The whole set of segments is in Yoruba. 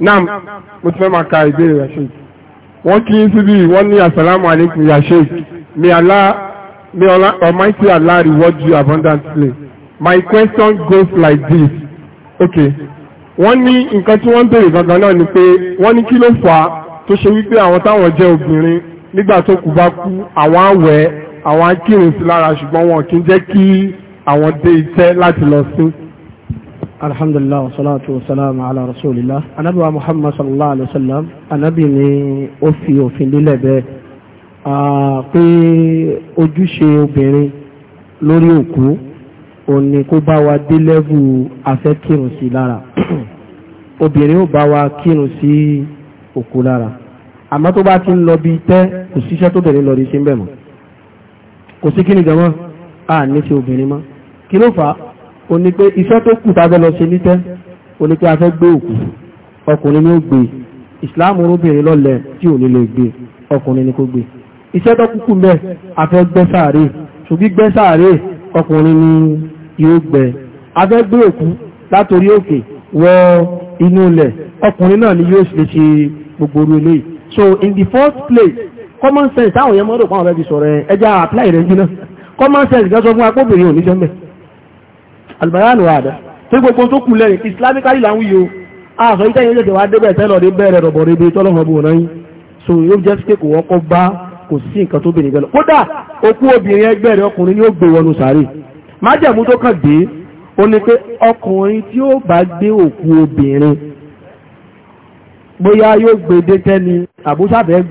nam mo ti fẹ́ máa ka ìbéèrè ya sheik wọ́n kí n síbí wọ́n ní asalamu alaykum ya sheik may Allah may Almighty Allah reward you abundantly my question goes like this okay wọ́n ní nǹkan tí wọ́n ń béèrè gangan náà ni pé wọ́n ní kí ló fà á tó ṣe wípé àwọn táwọn jẹ́ obìnrin nígbà tó kù bá kú àwọn àwẹ̀ àwọn akírun sí lára ṣùgbọ́n wọn kì í jẹ́ kí àwọn dé iṣẹ́ láti lọ sí. الحمد لله wasalaamu ala على رسول الله. أنا أبو محمد صلى الله عليه وسلم. أنا بني أفي وفي bẹ́ẹ̀ pé ojúṣe obìnrin lórí òkú òní kó bá wa dé lẹ́bù afẹ́ kírun sí lára obìnrin ó bá wa kírun sí òkú lára àmọ́ tó bá ti ń lọ bí tẹ́ kò síṣẹ́ tó bẹ̀rẹ̀ lọ rí sí ń bẹ̀ mọ́ kò sí kí ni gan mọ́ a ní ti obìnrin mọ́ kí ló fà á ó ní pé iṣẹ́ tó kù tábẹ́ lọ ṣe nítẹ́ ó ní pé a fẹ́ gbé òkú ọkùnrin ni ó gbé ìsìláàmù orúbìnrin lọ́lẹ̀ tí ò ní lè gbé ọkùnrin ni kó gbé iṣẹ́ tó kúkú mẹ́ a fẹ́ gbẹ́ sàárè ṣùgbọ́n gbẹ́ sàárè ọkùnrin ni yóò gbẹ a fẹ́ gbé òkú látòrí òkè wọ inú ilẹ̀ ọkùnrin náà ni yóò ṣe ṣe gbogbo orú eléyìí so in the first place common sense táwọn yẹn mọ́rò pàwọn ọ̀rẹ́ fi sọ̀rọ̀ ẹ ẹja apply rẹ̀ yìí náà common sense gẹ́sọ fún akóbìnrin ò ní jẹ́ mẹ́ albayanu ada tí gbogbo tó kù lẹ́yìn islamically làwọn yìí o àṣọ ìtẹ́ yẹn jẹ́jẹ́ wá débẹ̀ tẹ́lọ̀ dé bẹ̀rẹ̀ rọ̀bọ̀ rebe tọ́lọ́mọ bò náà so yóò jẹ́ sí kò wọ́pọ̀ bá kò sí nǹkan tó bèrè gẹ́lọ kódà okú obìnrin ẹgbẹ́ rẹ̀ ọkùnrin ni ó gbé wọnú sàárè májẹ̀mú tó kàn dé ó ní pé ọkùnrin tí ó bá gbé òkú obìnrin bóyá yóò gbé dé tẹ́ni àbúṣàfẹ́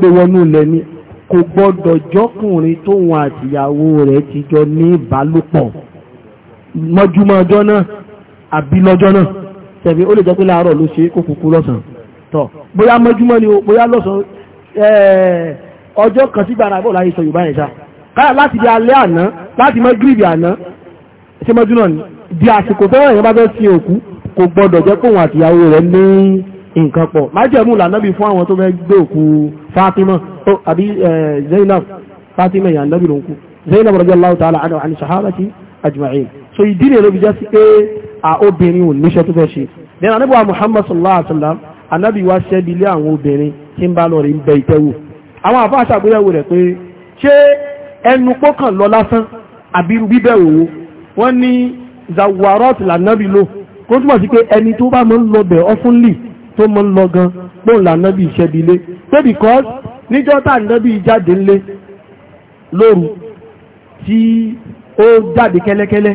gbé wọnú mọ́júmọ́ ọjọ́ náà àbí lọ́jọ́ náà tẹ̀bí ó lè jẹ́ pé láàárọ̀ ló ṣe kó kúkú lọ́sàn tọ̀ bóyá mọ́júmọ́ ni o bóyá lọ́sàn ọjọ́ kan sí gbàrà bọ́ láyé sọ Yorùbá ẹ̀ sá káyà láti di alẹ́ àná láti mọ́ gírìbì àná ṣé mọ́jú náà ni di àsìkò tó wọ̀nyẹn bá fẹ́ sin òkú kò gbọ́dọ̀ jẹ́ pé òun àtìyàwó rẹ̀ ní nǹkan pọ̀ májẹ̀mú lànàbì fún àwọn tó fẹ́ gbé òkú Fatima àbí Zainab Fatima yàn nàbì ló Zainab radiyallahu ta'ala anha àti sàhábàtì ajma'in so ìdí rẹ̀ ló fi jẹ́ sí pé obìnrin ò níṣẹ́ tó fẹ́ ṣe then anábíwá Muhammad sallallahu alaihi wa sallam anábì wá ṣẹ́bi ilé àwọn obìnrin tí ń bá lọ rí ń bẹ ìtẹ́wò àwọn àfáà ṣàgbéyẹ̀wò rẹ̀ pé ṣé ẹnu pọ́kàn lọ lásán àbí bíbẹ̀ òwò wọ́n ní zawarot lànàbì lò kó túmọ̀ sí pé ẹni tó bá máa ń lọ bẹ̀ ọ́fúnlì tó máa ń lọ gan pọ́n lànàbì ṣẹ́bi ilé pé because níjọ́ tá ànàbì jáde ńlé lóru tí ó jáde kẹ́lẹ́kẹ́lẹ́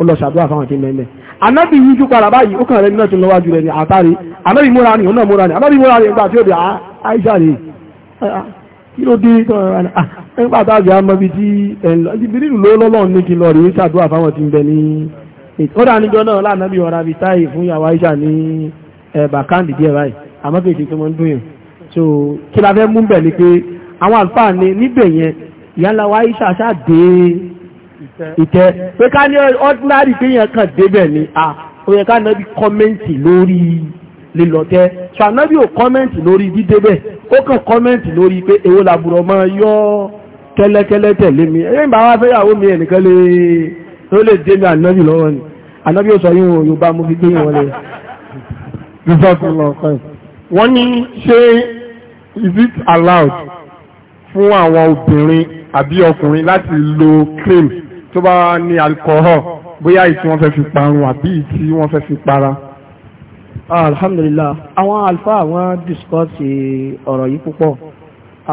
ó lọ ṣàdúrà fáwọn tí mẹ́mẹ́ anábì yíjú padà báyìí ó kàn rẹ̀ nínú tí lọ́wájú rẹ̀ ní àtàrí anábì múra ní òun náà múra ní anábì múra ní ìgbà tí ó di àìsà rẹ̀ kí ló dé ah, ah, nígbà tá a fi àmọ́ bí tí ìbírí ìlú so kí la fẹ́ mú bẹ̀ ni pé àwọn àlùfáà ní níbẹ̀ yẹn ìtẹ́ pé ká ní ordinary pé yẹn kàn débẹ̀ ni a ó ká náà kọ́mẹ́ǹtì lórí lílọ́tẹ́ so ò kọ́mẹ́ǹtì lórí dídébẹ̀ ó kàn kọ́mẹ́ǹtì lórí pé èwo làbùrọ̀ máa yọ kẹ́lẹ́kẹ́lẹ́ tẹ̀lé mi ẹ̀yìn bá wá fẹ́yàwó mi ẹnìkan lè ló lè dé mi ànábì lọ́wọ́ ni ànábì ò sọ yín o yorùbá fi gbé yín wọlé. wọ́n ní ṣé is it allowed fún àwọn obìnrin àbí ọkùnrin láti lo cream tó bá ní alcohol bóyá ìtí wọ́n fẹ́ fi parun àbí ìtí wọ́n fẹ́ fi para. Ah, alhamdulillah àwọn alfa wọ́n discọ́sì ọ̀rọ̀ yìí púpọ̀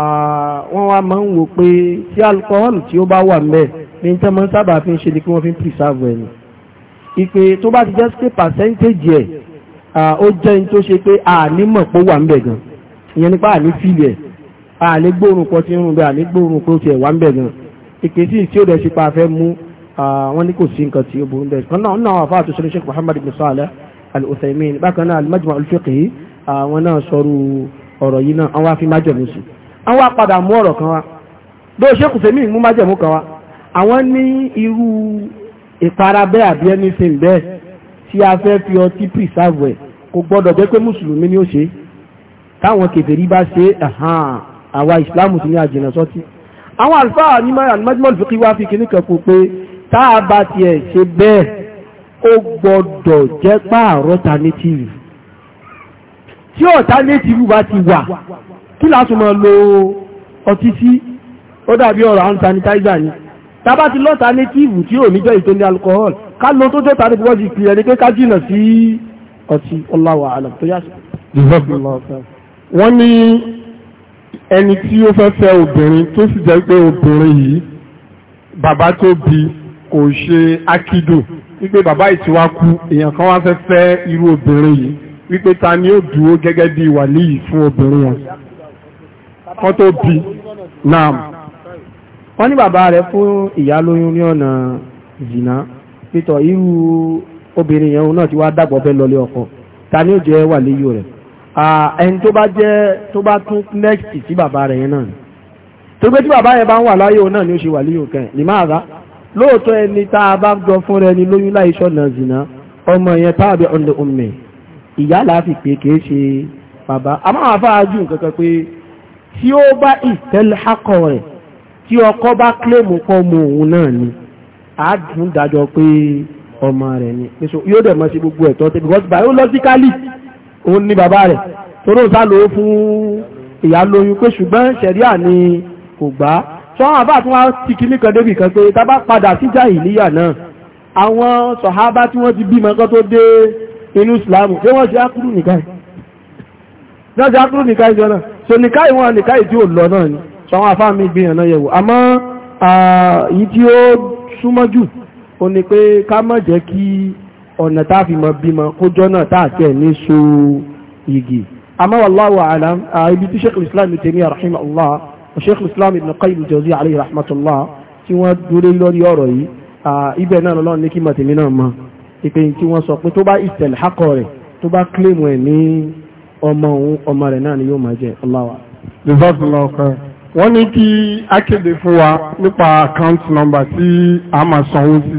ah, wọ́n wá máa ń wò pé tí alcohol tí ó bá wà ńbẹ̀ ní tẹ́ mọ́ sábà fi ń ṣe ni kí wọ́n fi ń preserve ẹni ìpè tó bá ti jẹ́ sí percentage ẹ̀ ah, ó jẹ́ ní tó ṣe pé ànímọ̀ pó wà ńbẹ̀ gan ìyẹn nípa àní fílẹ̀ àní gbóòrùn pọ̀ tí ń bẹ́ẹ̀ àní gbóòrùn pé ó ẹ̀ wà ńbẹ̀ gan ìpèsè tí ó dẹ̀ ṣe pa afẹ́ mú wọ́n ní kò sí nǹkan tí ó burú bẹ́ẹ̀ kan náà náà àfáà tó ṣe ní Muhammad ibn Salih al-Uthaymin bákan náà al-Majma' al-Fiqhi àwọn náà sọrú ọ̀rọ̀ yìí náà àwọn afi májẹ̀mú sí àwọn apadà mú ọ̀rọ̀ kan wá bí ó Sheikh Uthaymin mú májẹ̀mú kan wá àwọn ní irú ìpara bẹ́ẹ̀ àbí ẹni ṣe ń bẹ́ẹ̀ tí a fẹ́ fi ọtí pìsáàbù ẹ̀ kò gbọ́dọ̀ ni ó ṣe táwọn kèfèrí bá ṣe àwa ìsìláàmù ti ní àjìnà sọ́tí àwọn àlùfáà ní alimọ́júmọ́lù fi kí wá fi kíní kan fún pé tá a bá tiẹ̀ ṣe bẹ́ẹ̀ ó gbọ́dọ̀ jẹ́ pààrọ̀ alternative tí alternative bá ti wà kí láti máa lo ọtí sí ó dàbí ọ̀rọ̀ hand sanitizer ni tábà ti lọ́ta alternative tí ò níjọ́ ìtò ní alcohol ká lo tó jọ́ta ní bọ́ọ̀sì ìpìlẹ̀ ní pé ká jìnà sí ọtí Allahu a'lam tó yá sí. wọ́n ní ẹni tí ó fẹ́ fẹ́ obìnrin tó sì jẹ́ pé obìnrin yìí bàbá tó bí kò ṣe ákídò wípé bàbá yìí ti wá kú èèyàn kan wá fẹ́ fẹ́ irú obìnrin yìí wípé ta ni ó dúró gẹ́gẹ́ bí wàlíyìí fún obìnrin yẹn kan tó bí naam. wọ́n ní bàbá rẹ̀ fún ìyá lóyún ní ọ̀nà zina pétọ̀ irú obìnrin yẹn náà ti wá dàgbọ́ fẹ́ lọlé ọkọ ta ni ó jẹ́ wàlíyìí rẹ̀ ẹni tó bá jẹ́ tó bá tún next sí bàbá rẹ̀ yẹn náà ni tó gbé tí bàbá yẹn bá ń wà láyé òun náà ni ó ṣe wà líyò kẹ́ ní máa rà lóòótọ́ ẹni tá a bá jọ fún rẹ ni lóyún láì ṣọ̀nà zìnà ọmọ yẹn táàbí ọ̀nà omi ìyá láàfi pé kìí ṣe bàbá a máa fà á jù kankan pé tí ó bá ìtẹ́lẹ́hàkọ̀ rẹ̀ tí ọkọ bá kílèmù pọ̀ mọ́ òun náà ni àádùn dájọ́ pé ọmọ rẹ̀ ni yóò dẹ̀ mọ́ sí gbogbo ẹ̀tọ́ tẹ́ because biologically òun ní bàbá rẹ̀ toró sá lò ó fún ìyá lóyún pé ṣùgbọ́n ṣẹ̀ríà ni kò gbà sọ́wọ́n àbá tí wọ́n ti kí nìkan débì kan pé tá bá padà sí jàhílíyà náà àwọn sọ̀hábá tí wọ́n ti bímọ kan tó dé inú ìsìlámù pé wọ́n ṣe ákúrú nìkan náà ṣe ákúrú nìkan ìjọ náà so nìkan ìwọ̀n nìkan ìdí ò lọ náà ni sọ́wọ́n àfáà mi gbìyàn náà yẹ̀wò àmọ́ èyí tí ó súnmọ́ jù ó ní pé ká má jẹ́ kí ọ̀nà tá a fi mọ bímọ kójọ́ náà tá a tẹ̀ ní so igi àmọ́ wallahu alam ibi tí sheikh islam tèmi rahim allah sheikh islam ibn qayyim jawzi alayhi rahmatullah tí wọ́n dúró lórí ọ̀rọ̀ yìí ibẹ̀ náà lọ́nà ní kí mọ̀ tèmi náà mọ̀ ìpè tí wọ́n sọ pé tó bá ìtẹ̀lẹ̀ akọ rẹ̀ tó bá kílèmù ẹ̀ ní ọmọ òun ọmọ rẹ̀ náà ni yóò máa jẹ ọláwà. wọ́n ní kí akéde fún wa nípa account number tí a máa sanwó sí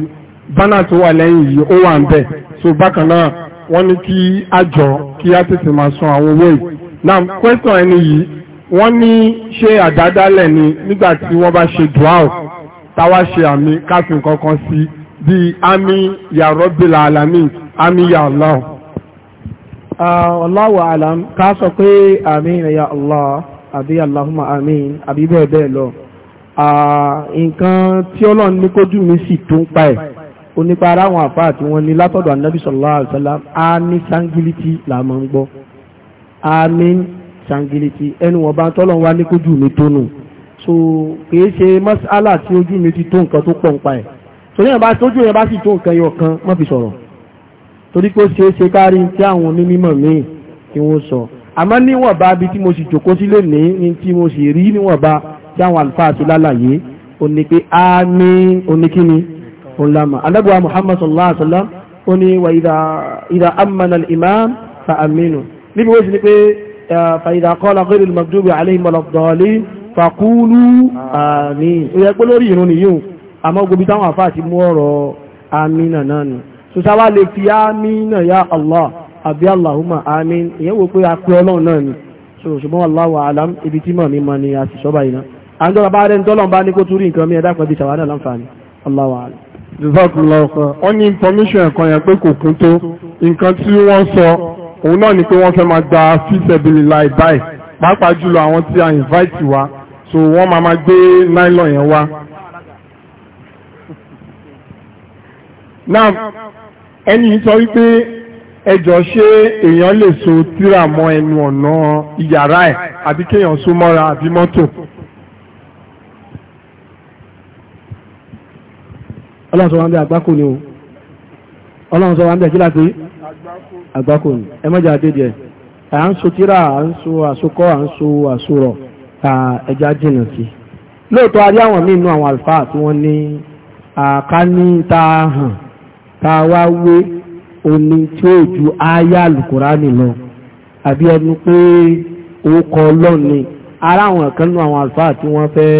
bánà tó wà lẹ́yìn yìí ó wà ń bẹ̀ so bákan náà wọ́n ní kí a jọ kí a tètè máa san àwọn owó yìí now question ẹni yìí wọ́n ní ṣé àdádálẹ̀ ni nígbà tí wọ́n bá ṣe dual táwa ṣe àmì káfíń kankan sí bíi ami yàrá bílà alamin ami ya Allah. Allahu alam ká sọ pé àmín ya Allah àbí Allahumma àmín àbí bẹ́ẹ̀ bẹ́ẹ̀ lọ nǹkan tí Ọlọ́run ní kójú mi sì tún pa ẹ̀ onípa ara àwọn àfáà tí wọ́n ní látọ̀dọ̀ ànábì sallallahu alaihi wasallam àmì sangiliti là máa ń gbọ́ àmì sangiliti ẹnu wọn bá ń tọ́lọ̀ wá ní kójú mi tó nù so kìí ṣe mas'ala tí ojú mi ti tó nǹkan tó pọ̀ nípa ẹ̀ torí ẹ̀ bá tójú yẹn bá sì tó nǹkan yọ kan má fi sọ̀rọ̀ torí pé ó ṣeé ṣe kárí tí àwọn onímọ̀ míì tí wọ́n sọ àmọ́ níwọ̀nba bí tí mo sì jòkó sílé ní ní tí mo sì rí níwọ̀nba tí àwọn àlùfáà ti lálàyé ó ní oníkíni ńlámà anábíwá muhammad sallallahu alaihi wasallam ó ní wà ìdá amman al-imam fa aminu níbi wọ́n sì ní pé fàìdà qala ghayr al-maghdubi alayhim wala ddallin fàkúlù àmín ó yẹ pé lórí ìrún nìyíò àmọ́ gbogbo táwọn àfáà ti mú ọ̀rọ̀ amínà náà ni sọ́sáwá lè fi amínà ya allah àbí allahumma amin ìyẹn wò pé a pé ọlọ́run náà ni ṣùgbọ́n wallahu alam ibi tí mọ̀ mi mọ̀ ni a sì sọ́bà yìí náà àjọba bá rẹ̀ ń tọ́lọ̀ bá ní kó túrí nǹkan mi ẹ̀dá kan bí sàwádà láǹfààní wallahu alam Jazakallah khair. Wọ́n ní information ẹ̀kan yẹn pé kò kún tó. Nǹkan tí wọ́n sọ, òun náà ni pé wọ́n fẹ́ máa gba fíṣẹ̀bìlì láì báyìí. Pàápàá jùlọ àwọn tí a invite wa. So wọ́n máa máa gbé nylon yẹn wá. Now, ẹni sọ wípé ẹjọ́ ṣé èèyàn lè so tírà mọ́ ẹnu ọ̀nà iyàrá ẹ̀ àbí kéèyàn so mọ́ra àbí mọ́tò. ọlọ́run sọ wá ń bẹ àgbákò ni o ọlọ́run sọ wá ń bẹ kílà pé àgbákò ni ẹ mọ́jà àdédìẹ à ń so tíra à ń so àsokọ́ à ń so àsorọ̀ ẹja jìnnà sí lóòótọ́ a rí àwọn míì nú àwọn àlùfáà tí wọ́n ní àká ní hàn tá wá wé oní tí ó ju aya alukurani lọ àbí ẹnu pé orúkọ ọlọ́run ni ara àwọn kan nú àwọn àlùfáà tí wọ́n fẹ́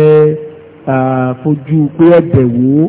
fojú pé ẹ̀bẹ̀ wò ó.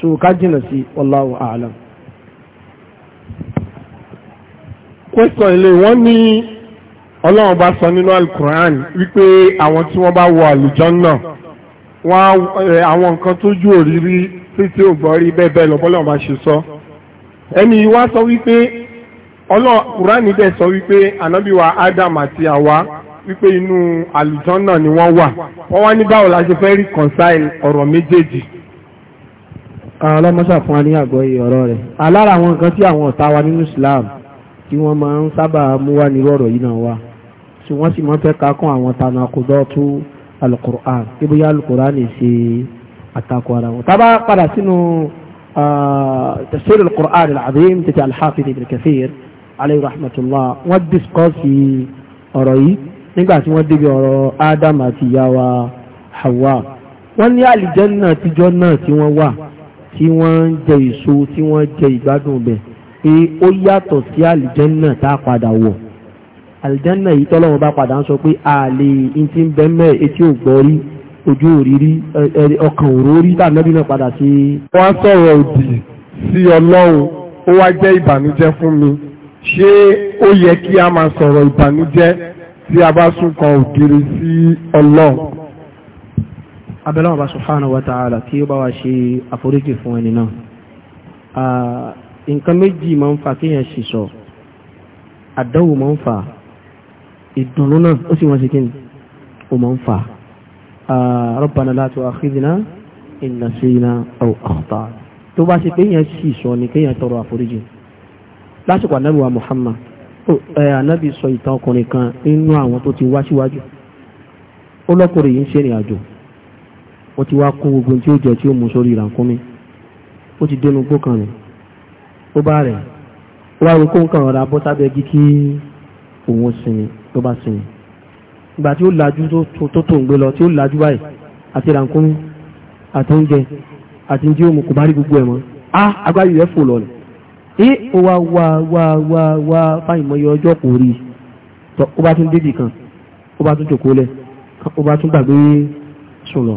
so ká jìnà sí wallahu a'lam. question ilé wọ́n ní ọlọ́run bá sọ nínú alukur'an wípé àwọn tí wọ́n bá wọ àlùjànnà wọ́n àwọn nǹkan tójú òrírí títí ò gbọ́ rí bẹ́ẹ̀ bẹ́ẹ̀ lọ́bọ́lọ́run bá ṣe sọ ẹni wá sọ wípé ọlọ́run kùránì dẹ̀ sọ wípé ànábìwá Adam àti àwa wípé inú àlùjànnà ni wọ́n wà wọ́n wá ní báwo la ṣe fẹ́ reconcile ọ̀rọ̀ méjèèjì ọlọ́mọ́sà fún wa ní àgọ́ ọ̀rọ̀ rẹ̀ alára àwọn nǹkan tí àwọn ọ̀tá wa nínú Islam tí wọ́n máa ń sábà mú wá ní ọ̀rọ̀ yìí náà wá tí wọ́n sì máa ń fẹ́ ka kún àwọn tànà àkùdọ́ tó alukur'an tí bóyá alukur'an ṣe àtakò ara wọn. tábà padà sínú tafsir alukur'an al-azim tètè al-Hafiz ibn Kathir alayhi rahmatullah wọ́n discourse ọ̀rọ̀ yìí nígbà tí wọ́n débi ọ̀rọ̀ Adam àti ìyá Hawa wọ́n ní àlìjẹ́ náà tíjọ́ náà tí wọ́n wà tí wọ́n ń jẹ èso tí wọ́n ń jẹ ìgbádùn bẹ̀ pé ó yàtọ̀ sí àlìjẹ́nà tá a padà wọ̀ àlìjẹ́nà yìí tọ́lọ́wọ́n bá padà ń sọ pé àlè ìtì ń bẹ́mẹ̀ etí ò gbọ́ rí ojú òrírí ọkàn òrórí tàbí náà padà sí. wọ́n sọ̀rọ̀ òdì sí ọlọ́run ó wá jẹ́ ìbànújẹ́ fún mi ṣé ó yẹ kí a máa sọ̀rọ̀ ìbànújẹ́ tí a bá sún kan sí ọlọ́run abẹ́lọ́wọ́ bá subhanahu wa ta'ala kí ó bá wá ṣe àforíjì fún ẹni náà nǹkan méjì máa ń fa kéèyàn sì sọ àdánwò máa ń fa ìdùnnú náà ó sì wọ́n sí kíni ó máa ń fa rabbana la tu'akhidhna in nasina aw akhta'na tó bá ṣe kéèyàn sì sọ ni kéèyàn tọrọ àforíjì lásìkò ànábì wa Muhammad ànábì sọ ìtàn ọkùnrin kan nínú àwọn tó ti wá síwájú ó lọ́kùnrin yìí ń ṣe ìrìn àjò ó ti wá kó gbogbo tí ó jẹ tí ó mú sórí ìrànkúnmí ó ti dénú gbó kan rẹ̀ ó bá rẹ̀ ó wá rí kóńkàn ọ̀rọ̀ abọ́sábẹ́ gí kí òun sinmi tó bá sinmi ìgbà tí ó lajú tó tó ń gbé lọ tí ó lajú báyìí àti ìrànkúnmí àti oúnjẹ àti tí ó bá rí gbogbo ẹ̀ mọ́ á agbárí rẹ̀ fò lọ ní ó wá wá wá wá wá fáìmọye ọjọ́ kò rí ó bá tún débì kan ó bá tún jòkó lẹ̀ ó bá tún gbàgbé sùn lọ.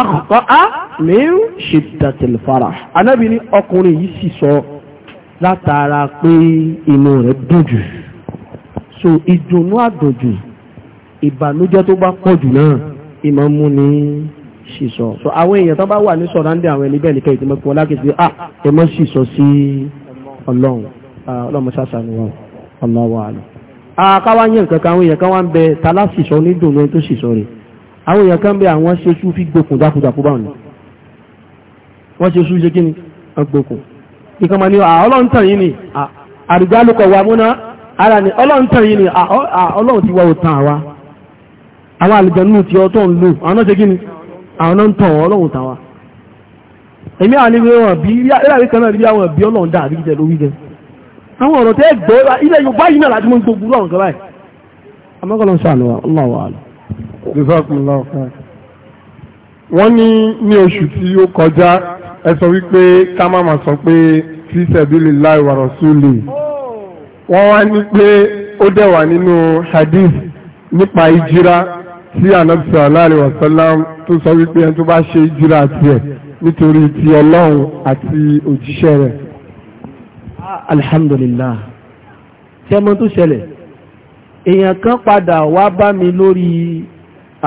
akọ̀tọ́á min shiddatil farah anábì ní ọkùnrin yìí sì sọ látara pé inú rẹ̀ dùn jù so ìdùnnú àdùnjù ìbànújẹ́ tó bá pọ̀ jù náà ìmọ̀ mú ní sísọ so àwọn èèyàn tó bá wà ní sọ̀rọ̀ ndé àwọn ẹni bẹ́ẹ̀ nìkan ìdìmọ̀ fún ọlákejì à ẹ mọ́ sísọ sí ọlọ́run ah, ọlọ́run ṣáṣà ni wọn ọlọ́wọ́ àlọ́ àkáwá ah, yẹn nǹkan kan àwọn èèyàn kan wá ń àwọn èèyàn kan bẹ àwọn ṣe fi gbókùn jákujàkú báwọn ni wọ́n ṣe ṣe kí ni ìkan ma ni ọlọ́ntàn yìí ni àrùgbálùkọ̀ wa múná ara ni ọlọ́ntàn yìí ni ọlọ́run ti wá òtàn àwa àwọn ti ọtọ́ ń lò àwọn náà ṣe kí àwọn náà ń tàn ọlọ́run tàn wa èmi àwọn ilé wọn bí ìlàrí kan náà àwọn ọlọ́run dà àwọn ọ̀rọ̀ tẹ́ gbọ́ Yorùbá yìí náà láti mú gbogbo ọ̀rọ̀ kan báyìí ń ọlọ́wọ́ àlọ́ wọ́n ní ní oṣù tí ó kọjá ẹ sọ wípé ká má má sọ pé fi sabilillahi wa rasuli wọ́n wá ní pé ó dẹ̀ nínú hadith nípa ìjírá tí ànábì sallallahu alaihi wasallam tó sọ wípé ẹni tó bá ṣe ìjírá tiẹ̀ nítorí ti ọlọ́run àti òjíṣẹ́ rẹ̀. alhamdulillah ṣé mo tún ṣẹlẹ̀ èèyàn kan padà wá bá mi lórí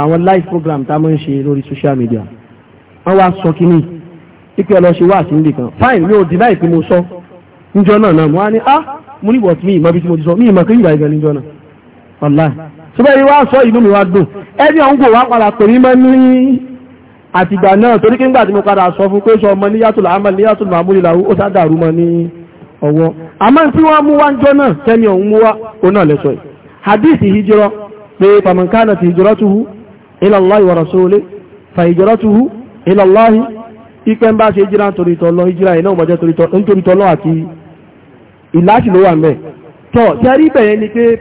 àwọn live program tá a máa ń ṣe lórí social media wọ́n wá sọ kínní ipe ọlọ́ṣẹ́ wà sí nìkan fine mi ò dì láì pé mo sọ níjọ́ náà náà mo wá ní ah mo ní wọ̀tí mi ìmọ̀ bí mo ti sọ mi ìmọ̀ kéyìí ìgbà níjọ́ náà ọ̀la ṣùgbọ́n ìwà sọ ìlú mi wá dùn ẹni ọ̀hún kò wá padà pè mí mọ́ ní àtìgbà náà torí kí nígbà tí mo padà sọ fún pé sọ ọmọ níyàtòlá àmọ́ níyàtòlá àmúlélàwó ó sá dàrú mọ́ ní ọwọ́ àmọ́ tí wọ́n mú wá ń jọ náà tẹ́mi ọ̀hún mú wá ó náà lẹ́sọ̀ hijira pé ila Allah wa rasuli fa hijratuhu ila Allah ipe ń bá ṣe hijira nítorí tọ́lọ́ ame. iná ọmọdé nítorí tọ́lọ́ àti ìlàṣì ló a rí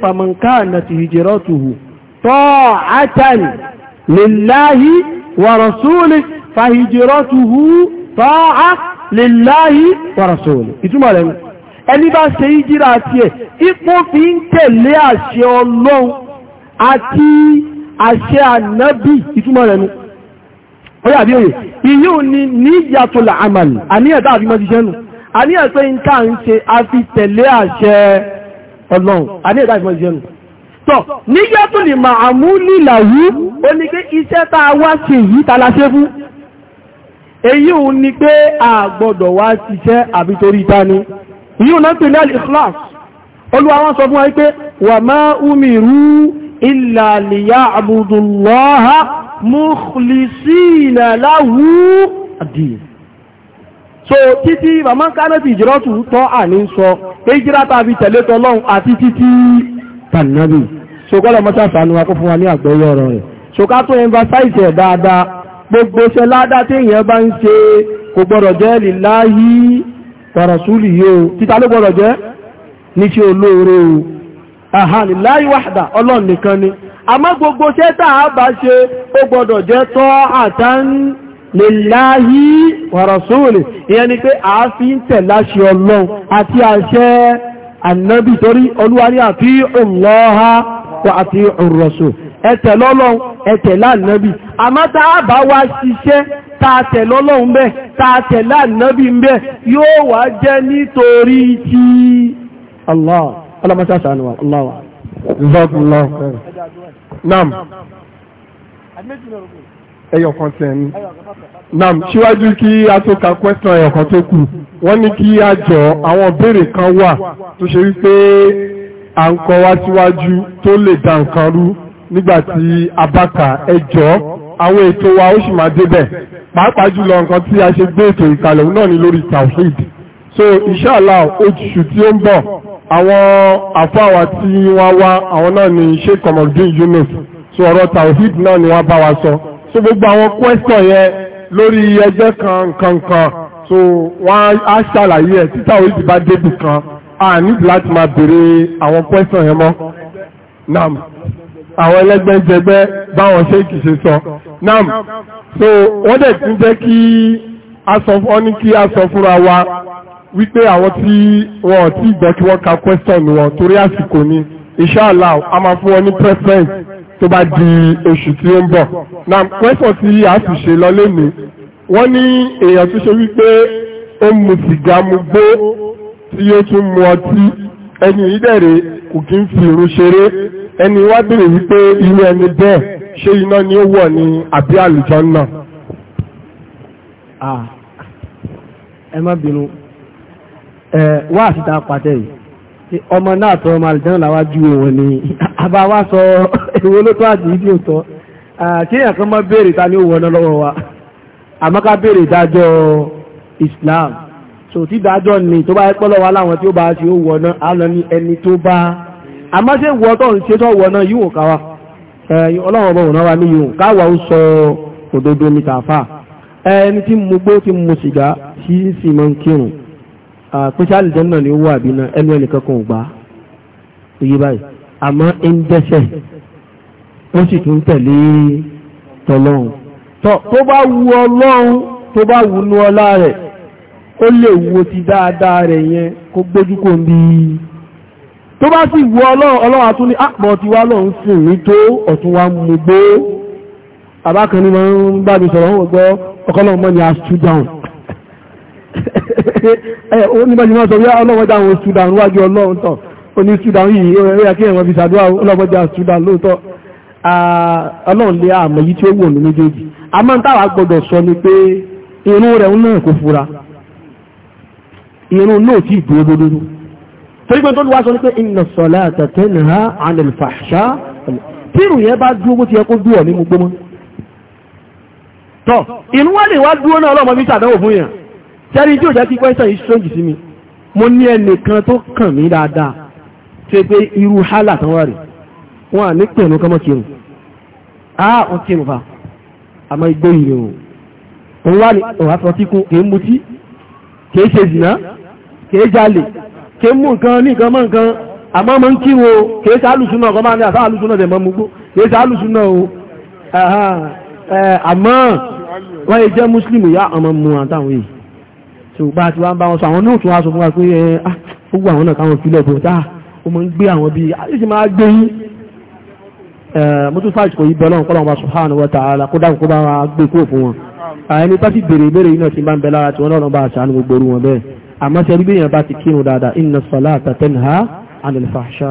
famanka na ti hijratuhu ta'atan lillahi wa rasuli fa a ta'a lillahi wa rasuli ìtumọ̀ rẹ̀ ẹni bá ṣe hijira tiẹ̀ ipò fi ń tẹ̀lé àṣẹ ànábì ìtumọ̀ rẹ̀ nu ọ̀yà àbí òye ìyí ò ní níyàtò làmàlì àníyàn tá àfi mọ́ ti ṣẹ́nu àníyàn pé ń ká ń ṣe a fi tẹ̀lé àṣẹ ọlọ́run àníyàn tá àfi mọ́ ti ṣẹ́nu tọ̀ níyàtò lè mà àmú nílàwú ó ní pé iṣẹ́ ikhlas olúwa wọn sọ umiru إلا ليعبدوا الله مخلصين له الدين so títí màmá kánẹ́tì ìjírọ́tù tọ́ àní sọ ìjírá tàbí tẹ̀lé tọ́lọ́run àti títí tànàbì so gọ́lọ̀ mọ́sá sànú akó fún wa ní àgbẹ̀yẹ ọ̀rọ̀ rẹ̀ so ká tó emphasize ẹ̀ dáadáa gbogbo ṣe ládá tí èèyàn bá ń ṣe kò gbọ́dọ̀ jẹ́ lillahi wa rasulihi o títa ló gbọ́dọ̀ jẹ́ ní ṣe o àhàlì láyé wàdà ọlọ́run nìkan ni àmọ́ gbogbo ṣẹ́tà àbá ṣe ó gbọ́dọ̀ jẹ́ tọ́ àtàn lillahi wa rasuli ìyẹn ni pé àáfí ń tẹ̀ láṣẹ ọlọ́run àti àṣẹ ànábì torí olúwarí àti ọlọ́ha wa àti ọ̀rọ̀sùn ẹ̀tẹ̀ lọ́lọ́run ẹ̀tẹ̀ láànábì àmọ́ tá a bá wá ṣiṣẹ́ Allah ọlọ́mọṣá sànù wa ọlọ́wà. ìzọ́kùnlọ́ nam ẹyọ kan tẹ̀ ní. nam síwájú kí a tó ka question ẹyọ kan tó kù wọ́n ní kí a jọ àwọn béèrè kan wà tó ṣe wípé a ń kọ́ wá síwájú tó lè dá nǹkan rú nígbà tí a bá kà ẹ jọ àwọn ètò wa ó sì máa débẹ̀ pàápàá jùlọ nǹkan tí a ṣe gbé ètò ìkàlẹ̀ náà ní lori tawhid so inshallah oṣù tí o ń bọ̀ àwọn àfáwà tí wọ́n wá àwọn náà ni sheikh omordin yunus so ọ̀rọ̀ tawhid náà ni wọ́n bá wa sọ so gbogbo àwọn question yẹn lórí ẹgbẹ́ kan kan kan so wọ́n á ṣàlàyé ẹ̀ tí tawhid bá débì kan a níbi láti máa béèrè àwọn question yẹn mọ́ nam àwọn ẹlẹ́gbẹ́jẹgbẹ́ báwọn sheikh ṣe sọ nam so wọ́n dẹ̀ tún jẹ́ kí a sọ fún ọ ní kí a sọ fúnra wa wípé àwọn tí wọn ò tí gbọ́ kí wọ́n ka question wọn torí àsìkò ni inshallah a máa fún wọn ní preference tó bá di oṣù tí ó ń bọ̀ na question tí a sì ṣe lọ lónìí wọ́n ní èèyàn tó ṣe wípé ó mu sìgá mu gbó tí ó tún mu ọtí ẹni yìí kò kí ń fi irun ṣeré ẹni wá bèrè wípé irú ẹni bẹ́ẹ̀ ṣé iná ni ó wọ̀ ní àbí àlùjọ náà. Ah, ẹ má bínú wá àsìta pàtẹ yìí ọmọ náà tọ́ ọmọ àlìján làwá ju òun ni àbá wá sọ èwo ló tó àjì ìdí òtọ́ kí èèyàn kan mọ́ béèrè ta ni ó wọ lọ́wọ́ wa àmọ́ béèrè ìdájọ́ Islam so tí ìdájọ́ ni tó bá pọ́lọ́ wa láwọn tí ó bá ṣe ó wọ náà á lọ ní ẹni tó bá àmọ́ ṣé wọ́ tó ń ṣe tó wọ náà yíwò káwa ọlọ́run ọmọ òun náà wà ní yíwò káwa ó sọ òdodo ní tàfà ẹni tí mo gbó tí mo sìgá sí sì mọ́ kírun pẹ́sẹ́ àlìjẹ́ náà ni ó wà bí náà ẹnu ẹnìkan kan ò gbà oyè báyìí àmọ́ ń dẹ́sẹ̀ ó sì tún tẹ̀lé tọlọ́run tó bá wu ọlọ́run tó bá wu nu ọlá rẹ̀ ó lè wo ti dáadáa rẹ̀ yẹn kó gbójú kò ń bí i tó bá sì wọ ọlọ́run ọlọ́run àtún ní àpọ̀ ah, tí wá lọ́run sì ní tó ọ̀tún wa mú gbó àbákan ní wọ́n ń bá mi sọ̀rọ̀ wọ́n gbọ́ ọkọlọ́run mọ́ ni a stood down pé onígbàjúmọ́ sọ wíwá ọlọ́wọ́dá àwọn Sudan wájú ọlọ́run tọ̀ oní Sudan yìí ẹ̀rẹ́ kí ẹ̀wọ̀n fi ṣàdúrà ọlọ́wọ́dá Sudan lóòótọ́ ọlọ́run lé àmọ́ yìí tí ó wò ní méjèèjì a máa ń táwa gbọ́dọ̀ sọ ni pé irun rẹ̀ náà kò fura irun náà tí ìdúró lódodo torí pé tó lù wá sọ ni pé inna salata tanha 'anil fahsha tírù yẹn bá dúró bó ti yẹ kó dúrọ̀ ní gbogbo mọ́ tọ́ inú wá lè wá dúró náà ọlọ́mọ bí sàdánwò fún yàn jẹ́rí tí ò jẹ́ kí pẹ́sẹ̀ yìí ṣóǹgì sí mi mo ní ẹnìkan tó kàn mí dáadáa tí ó pé irú hálà tán wà rè wọn à ní pẹ̀lú kọ́mọ́ kírun á wọn kírun fa àmọ́ igbó yìí o òun wà ní ọ̀hà sọ síkú kì í mutí kì í ṣe zìnà kì í jalè kì í mú nǹkan ní nǹkan mọ́ nǹkan àmọ́ mo ń kírun o kì í ṣe alùsùnà ọkọ máa ní àtàwọn alùsùnà tẹ̀ mọ́ mu gbó kì í ṣe alùsùnà o àmọ́ wọ́n yẹ jẹ́ mùsùlùmí yá ọmọ mu àtàwọn yìí ṣùgbọ́n àti wá ń bá wọn sọ àwọn náà tún wá sọ fún wa pé ẹ eh, ah, ó gbọ́ àwọn náà káwọn fílẹ̀ bọ̀ dáa ah, ó mọ̀ ń gbé àwọn bíi àyíṣe ah, máa gbé yín eh, mọ́tò fáìsì kò yí bọ́ lọ́wọ́ kọ́lọ́wọ́ subhanahu wa ta'ala kó dáhùn kó bá wa gbé kúrò fún wọn àyẹni bá ti bèrè ìbéèrè yìí náà ti bá ń bẹ lára tí wọn náà bá aṣáánu gbogbo wọn bẹ́ẹ̀ àmọ́ tí ẹni bíyàn bá ti kírun dáadáa inna salata tanha anil fahsha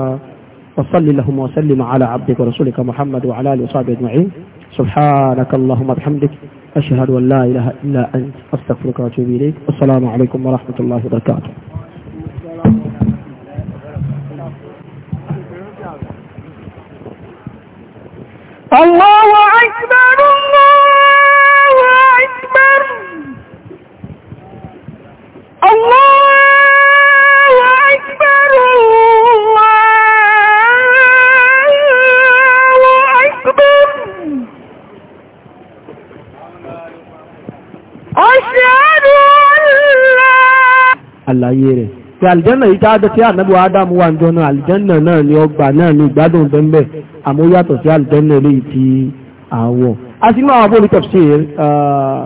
wa salli lahumma wa sallim ala abdika rasulika muhammad wa ala alihi wa sahbihi ajma'in أشهد أن لا إله إلا أنت أستغفرك وأتوب إليك السلام عليكم ورحمة الله وبركاته الله أكبر الله أكبر الله أكبر الله àlàyé rẹ̀ tí àlìjẹ́nà yìí dáadọ́ tí ànábì ádámù wà ń jọ náà àlìjẹ́nà náà ni ọgbà náà ni ìgbádùn bẹ́ẹ̀ àmọ́ yàtọ̀ sí àlìjẹ́nà eléyìí tí àwọ̀ a sì máa bó ní tafsir uh,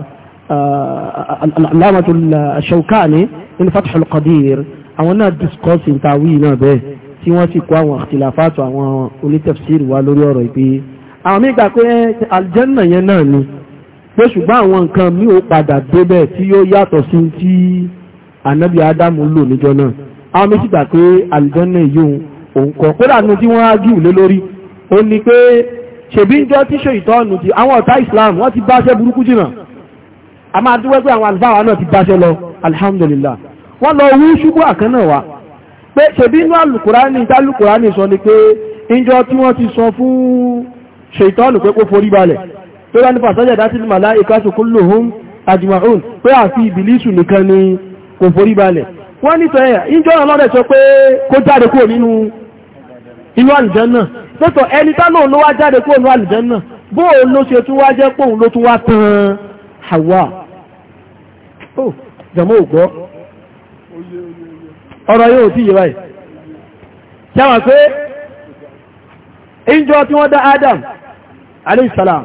uh, alamatul Shawkani ní Fathul Qadir àwọn náà discuss ìtawí náà bẹ́ẹ̀ tí wọ́n sì kó àwọn ikhtilafatu àwọn onítafsir wa lórí ọ̀rọ̀ ìpè àwọn mí pé ṣùgbọ́n àwọn nǹkan mi ò padà débẹ̀ tí yóò yàtọ̀ sí ti ànábì ádámù lò níjọ náà àwọn méjì gbà pé àlùjọ́nà yóò òun kọ́ kódà nu tí wọ́n á gíù lé lórí ó ní pé ṣèbí ń jọ ìtọ́nù ti àwọn ọ̀tá Islam wọ́n ti báṣẹ́ burúkú jìnnà a máa dúpẹ́ pé àwọn àlùfáà náà ti báṣẹ́ lọ alhamdulillah wọ́n lọ wú ṣubú àkànnà wa pé ṣèbí inú alùkùránì ìtàlùkùránì sọ ni pé ìjọ tí wọ́n ti sọ fún ṣètọ́nù pé kó forí balẹ̀ tó bá ní fàṣájà dátí màlá ìkáṣù kulluhum ajma'un pé àfi ìbìlísù nìkan ni kò forí balẹ̀ wọ́n nífẹ̀ẹ́ ẹ̀yà ìjọ ọlọ́dẹ̀ sọ pé kó jáde kúrò nínú inú àlùjànnà lọ́tọ̀ ẹni tánà ló wá jáde kúrò nínú àlùjànnà bóò ló ṣe tún wá jẹ́ pòun ló tún wá tan Hawa ó jàmọ́ ògbọ́ ọ̀rọ̀ yóò tí yé báyìí ṣáwà pé ìjọ tí wọ́n dá Adam alayhi salam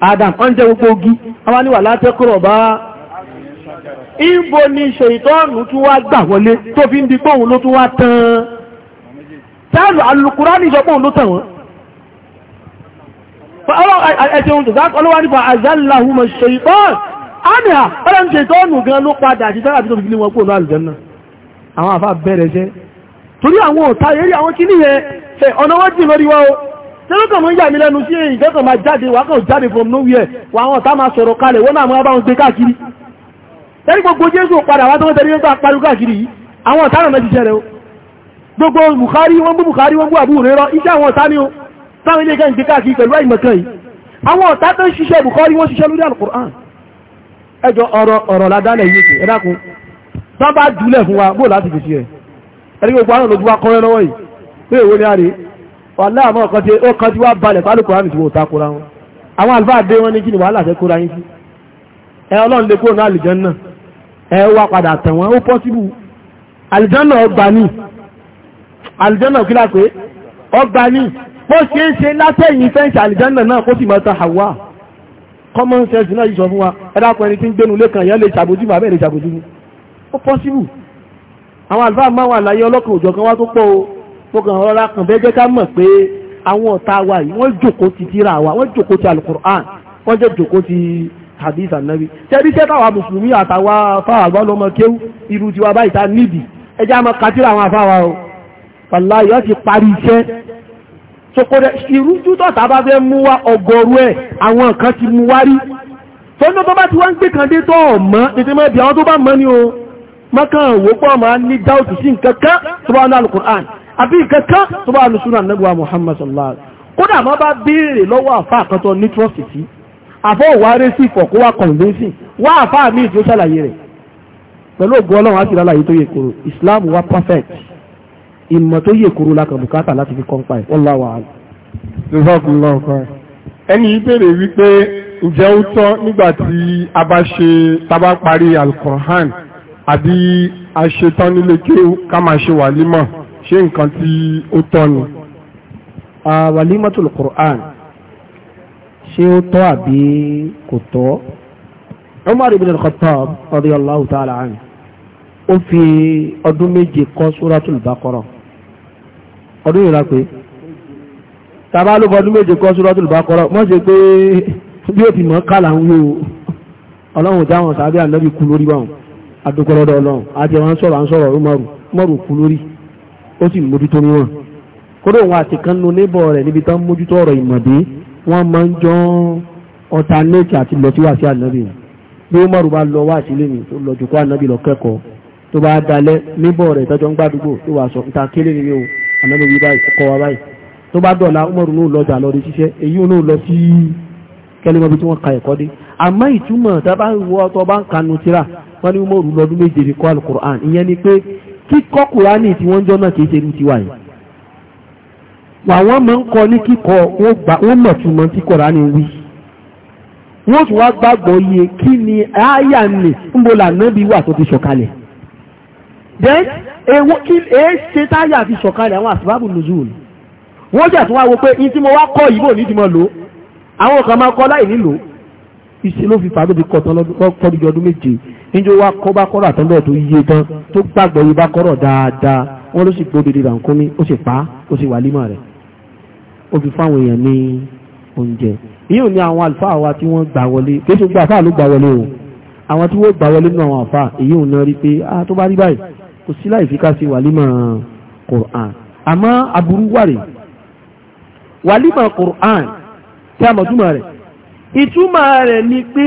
Adam ọ́n jẹ́ gbogbo ogi àwọn níwà látẹ́kọ̀rọ̀ bá ìbò ni ṣèìtọ́nù tún wá gbà wọlé tó fi ń di pòun ló tún wá tán tẹ́lù alùkùránì ìṣọ́pòun ló tàn wọ́n ẹ̀ṣẹ̀ ohun tòzá ọlọ́wà nípa àzálàhùmọ̀ ṣèìtọ́n ánìyà ọlọ́n ṣèìtọ́nù gan ló padà àti tẹ́lọ́kàn mọ́ yà mí lẹ́nu sí èyí tẹ́kàn máa jáde wà kàn jáde from nowhere wà àwọn ọ̀tá máa sọ̀rọ̀ kalẹ̀ wọ́n náà mọ́ bá ń gbé káàkiri tẹ́rí gbogbo jésù padà wá tọ́wọ́ tẹ́rí nípa pariwo káàkiri yìí àwọn ọ̀tá náà ti jẹrẹ o gbogbo Bukhari wọ́n bú Bukhari wọ́n bú àbúrò rẹ rọ iṣẹ́ àwọn ọ̀tá ni o táwọn ilé kẹ́hìn gbé káàkiri pẹ̀lú àìmọ̀kan yìí àwọn ọ̀tá tó ń ṣiṣẹ́ Bukhari wọ́n ṣiṣẹ́ lórí alukur'an ẹjọ ọ̀rọ̀ ọ̀rọ̀ ládàlẹ̀ yìí kì ẹ dákun tọ́ bá jùlẹ̀ fún wa bóò láti fèsì rẹ̀ ẹni gbogbo àwọn olùdúwà kọ́rẹ́ lọ́wọ́ yìí pé èwo ni a rèé wàhálà àwọn ọ̀kan tí ó kan tí wá balẹ̀ fálùkù rámì tí wò takora wọn àwọn àlùfáà dé wọn ní kí ni wàhálà fẹ́ kóra yín sí ẹ ọlọ́run lè kúrò ní àlìjánná ẹ wá padà tàn wọ́n ó pọ́síbù àlìjánná ọgbà ní àlìjánná kí lápé ọgbà ní bó ṣe ń ṣe látẹ̀yìn fẹ́ǹsì àlìjánná náà kó sì máa ta àwa common sense náà yìí sọ fún wa ẹ dákun ẹni tí ń gbénu lẹ́kàn yẹn lè ṣàbójúmọ́ abẹ́ lè ṣàbójúmọ́ ó pọ́síbù àwọn àlùfáà máa wà láyé mo kàn rọra kàn bẹ́ẹ̀ jẹ́ ká mọ̀ pé àwọn ọ̀tá wa yìí wọ́n jókòó ti tírà wa wọ́n jókòó ti alukur'an wọ́n jẹ́ jókòó ti hadith anabi ṣebí ṣé táwa mùsùlùmí àtàwa fáwọn ọlọmọ kéwú irú tiwa báyìí ta níbi ẹ jẹ́ àmọ́ katira àwọn afáwa o wàláyé ọ ti parí iṣẹ́ sokodẹ ìrújú tọ́ta bá fẹ́ mú wá ọgọ́rú ẹ̀ àwọn kan ti mú wá tọ́jú tó bá ti wá ń gbé kan dé tọ́ ọ̀mọ́ tètè mọ́ ibi àwọn tó bá mọ́ ni o mọ́kàn wò pọ̀ máa ní dáùtù sí nǹkan kan tó bá ń lọ alukur'an àbí kankan tó bá lu súnà nẹ́gbà Muhammad sallallahu alaihi wasallam kódà má bá béèrè lọ́wọ́ àfa àkàntọ́ ní trọ́ọ̀sì tí àfọ́ òwà rẹ̀ sí ìfọ̀ kó wá convincing wá àfa mi ìdúró ṣàlàyé rẹ̀ pẹ̀lú ògùn ọlọ́run àti ìlàlàyé tó yẹ kóró Islam wa perfect ìmọ̀ tó yẹ kóró la kàn bùkátà láti fi kọ́ńpa ẹ̀ wọ́n láwàá. ẹni ìbéèrè wípé ǹjẹ́ ó tọ́ nígbà tí a bá ṣe tábà parí alukoran àbí a ṣetán nílé kí ká máa ṣe wàlímọ̀ ṣé nǹkan tí ó tọ́ ni walimatul Qur'an ṣé ó tọ́ àbí kò tọ́ Umar ibn al-Khattab radiyallahu ta'ala anhu ó fi ọdún méje kọ́ suratul Baqara ọdún yìí lápé tàbá ló fọdún méje kọ́ suratul Baqara mọ́ ṣe pé bí ó ti mọ̀ kálà ń yóò ọlọ́run jáwọn sàbí ànábì kú lórí báwọn adókọ́rọ́dọ̀ ọlọ́run àti ẹ̀wọ̀n sọ̀rọ̀ à ń sọ̀rọ̀ Umaru Umaru kú lórí ó sì mójútó níwọ̀n kódà òun àti kan nu níbọ̀ rẹ̀ níbi tán mójútó ọ̀rọ̀ ìmọ̀dé wọ́n máa ń jọ ọta nẹ́ẹ̀tì àti lọ sí wàásí ànábì bí Umar bá lọ wá àtìlẹ́ mi tó lọ jòkó ànábì lọ kẹ́kọ̀ọ́ tó bá dalẹ̀ níbọ̀ rẹ̀ tọ́jọ́ ń gbàdúgbò tó wà sọ nta kéré ni o ànábì bí báyìí kọ́ wa báyìí tó bá dọ̀la Umar ní òlọ́jà lọ rí ṣiṣẹ́ èyí ò ní òlọ sí kẹ́lẹ́mọ́bí tí wọ́n ka ẹ̀kọ́ dé àmọ́ ìtumọ̀ tábà wọ́ ọtọ́ bá ń kanu tíra wọ́n ní Umar lọ́dún méje ní kọ́ alukur'an ìyẹn ni pé kíkọ́ kùránì tí wọ́n jọ náà kìí ṣe irú tiwa yìí àwọn máa ń kọ ní kíkọ́ wọ́n gbà mọ̀ túmọ̀ tí kùránì wí wọ́n tún wá gbàgbọ́ yẹ kí ni àyà nì ń bo lànàbí wà tó ti sọ̀kalẹ̀ then èwo kí èé ṣe táyà fi sọ̀kalẹ̀ àwọn àsìbábù nùzúùlù wọ́n jà tún wá wo pé ní tí mo wá kọ́ yìí bò ní ìdìmọ̀ lò àwọn kan máa kọ́ láì nílò ìṣe ló fi fàá tó fi kọ́ tán lọ́dún méje níjó wa kọ́ bá kọ́rọ̀ àtọ́lọ́ tó yé tán tó gbàgbọ́ yìí bá kọ́rọ̀ dáadáa wọ́n ló sì gbódìdì rànkúnmí ó sì pa ó sì wà límọ̀ rẹ̀ ó fi fáwọn èèyàn ní oúnjẹ yìí ò ní àwọn àlùfáà wa tí wọ́n gbà wọlé kí gbà fáà ló gbà wọlé o àwọn tí wọ́n gbà wọlé nínú àwọn àfáà èyí ò náà rí pé a tó bá rí báyìí kò sí láì fi ká sí wàlímọ̀ Qur'an àmọ́ aburú wà wàlímọ̀ Qur'an tí a mọ̀ túmọ̀ rẹ̀ ìtumọ̀ rẹ̀ ni pé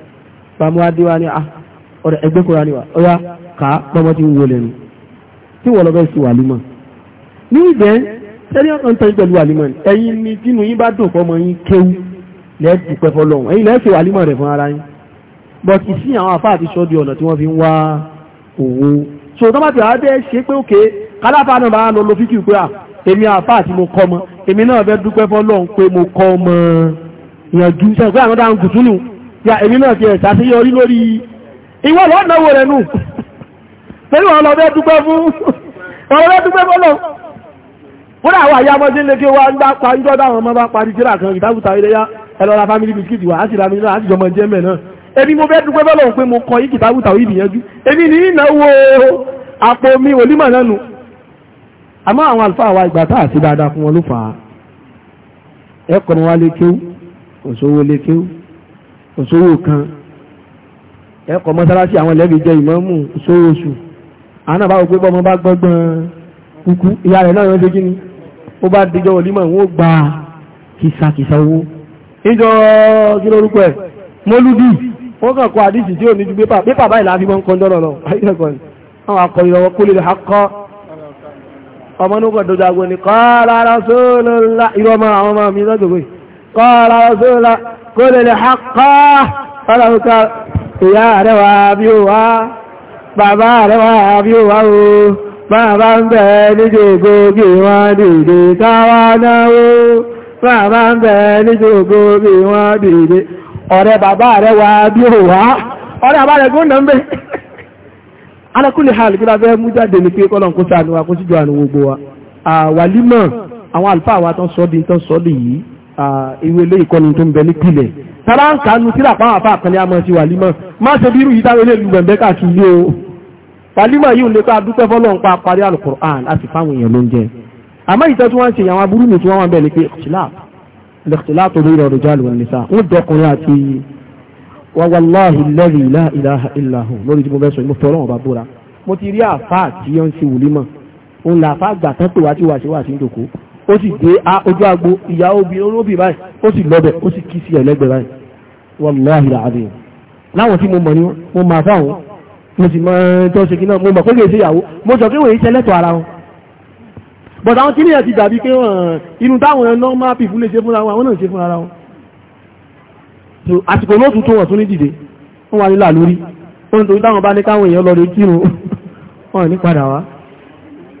pàmòwádé wa a ah, ọ̀rẹ́ ẹgbẹ́ kura ni wa ó yá ká pọ́nmọ́ ti ń wọlé nu tí wọ́n lọ sí wàlímọ̀ ní ìdẹ́ sẹ́lẹ̀ ọ̀kan tẹ́jú pẹ̀lú wàlímọ̀ ẹ̀yin ni tínú yín bá dùn fọmọ yín kéwú lẹ́ẹ̀dù pẹ́ fọlọ́hún ẹ̀yin lẹ́ẹ̀ sí wàlímọ̀ rẹ̀ fún ara yín but ìsí àwọn àfáà ti sọ́ di ọ̀nà tí wọ́n fi ń wá owó so tọ́ bá ti wá bẹ́ẹ̀ ṣe pé òkè kálápá náà bá lọ lo fíkì pé à ah, èmi àfáà tí mo kọ́ mọ́ èmi náà fẹ́ dúpẹ́ fọlọ́hún pé mo kọ́ mọ́ ìyànjú sẹ́yìn pé àwọn dáhùn kùtùnù ya èmi náà ti ẹ̀sà sí yọrí lórí ìwọ lọ náwó rẹ̀ nù pẹ̀lú àwọn ọlọ́bẹ́ dúpẹ́ fún ọlọ́bẹ́ dúpẹ́ fọ́lọ́ fúnra àwọn àyàmọ́sí lè kí wá ń bá pa ìjọ́ dáwọn ọmọ bá parí tíra kan ìdábùta ilé yá ẹlọ́ra family biscuit wà á sì rámi náà á sì jọmọ jẹ́ mẹ́ náà èmi mo fẹ́ dúpẹ́ fọ́lọ́ pé mo kọ yí kìtàbùta yìí nìyẹn jú ní ìnáwó àpò mi òlímọ̀ náà nù àmọ́ àwọn àlùfáà wa ìgbà tá àti dáadáa fún wọn ló fà á ẹ̀kọ́ ni wá òṣòwò lè òṣòwò kan ẹ̀kọ́ mọ́sálásí àwọn ẹlẹ́bí jẹ́ ìmọ̀ọ́mù òṣòwò oṣù àánà bá gbogbo ọmọ bá gbọ́gbọ́n kúkú ìyá rẹ̀ náà yóò ṣe kíni ó bá dijọ́ òlímọ̀ wọn ó gba kìsàkìsà owó níjọ kí lórúkọ ẹ̀ mọ́lúdì wọ́n kàn kọ àdìsí tí ò ní ju pépà pépà báyìí láti mọ́ ń kọ́ dọ́rọ̀ lọ àwọn akọ̀yìn ọwọ́ kó lè lè akọ́ ọmọ nígbà tó jagun ni qala rasulullah ìrọmọ àwọn ọmọ mi lọ́gbẹ̀gbẹ̀ qala rasulullah kó lè lè hákọ́ ọlọ́rùkọ ìyá rẹ̀ wà bí ó wá bàbá rẹ̀ wà bí ó wá o bàbá ń bẹ níjòkó kí wọ́n dìde káwà náwó bàbá ń bẹ níjòkó kí wọ́n dìde ọ̀rẹ́ bàbá rẹ̀ wà bí ó wá ọ̀rẹ́ bàbá rẹ̀ gómìnà ń bẹ alákùnlé hàn kí lábẹ́ mú jáde ní pé kọ́lọ̀ kó sáà níwá kó síjọ àrùn gbogbo wa àwàlímọ̀ àwọn àlùfáà wa tán sọ́dí tán sọ́dí yìí ìwé ilé ìkọ́ni tó ń bẹ ní pìlẹ̀ tàbá ń kàánú tí làpá àfà kan ní a mọ̀ sí wàlímọ̀ má ṣe bírú yìí táwọn ilé ìlú bẹ̀m̀bẹ́ káàkiri ilé o wàlímọ̀ yìí ń lè pa dúpẹ́ fọ́lọ́n pa parí alukur'an àti fáwọn ni pé ìṣìlá tó lórí ọ̀rọ̀ jáàlù wọn nìsa ń dọkùnrin àti mo fẹ́ sọ mo fẹ́ ọlọ́run bá búra mo ti rí àfáà tí ó ń ó sì dé ojú agbo ìyá obìnrin olóbì báyìí ó sì lọ́bẹ̀ ó sì kí sí ẹ̀lẹ́gbẹ̀ báyìí wàláhì láàrin láwọn tí mo mọ̀ ní mo máa fáwọn mo sì mọ tó ṣe kí náà mo mọ̀ pé kì í ṣe ìyàwó mo sọ pé wòye iṣẹ́ lẹ́tọ̀ọ́ ara wọn but àwọn tí nìyẹn ti dàbí pé inú táwọn normal people lè ṣe fúnra wọn àwọn náà ṣe fúnra wọn so àsìkò lóòtú tó wọ̀ tún ní dìde wọ́n wà nílà lórí wọ́n nítorí táwọn bá ní káwọn èèyàn lọ lè kírun wọ́n ní padà wá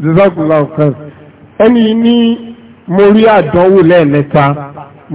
jesus christ ẹni ní mo rí àdánwò lẹ́ẹ̀mẹ́ta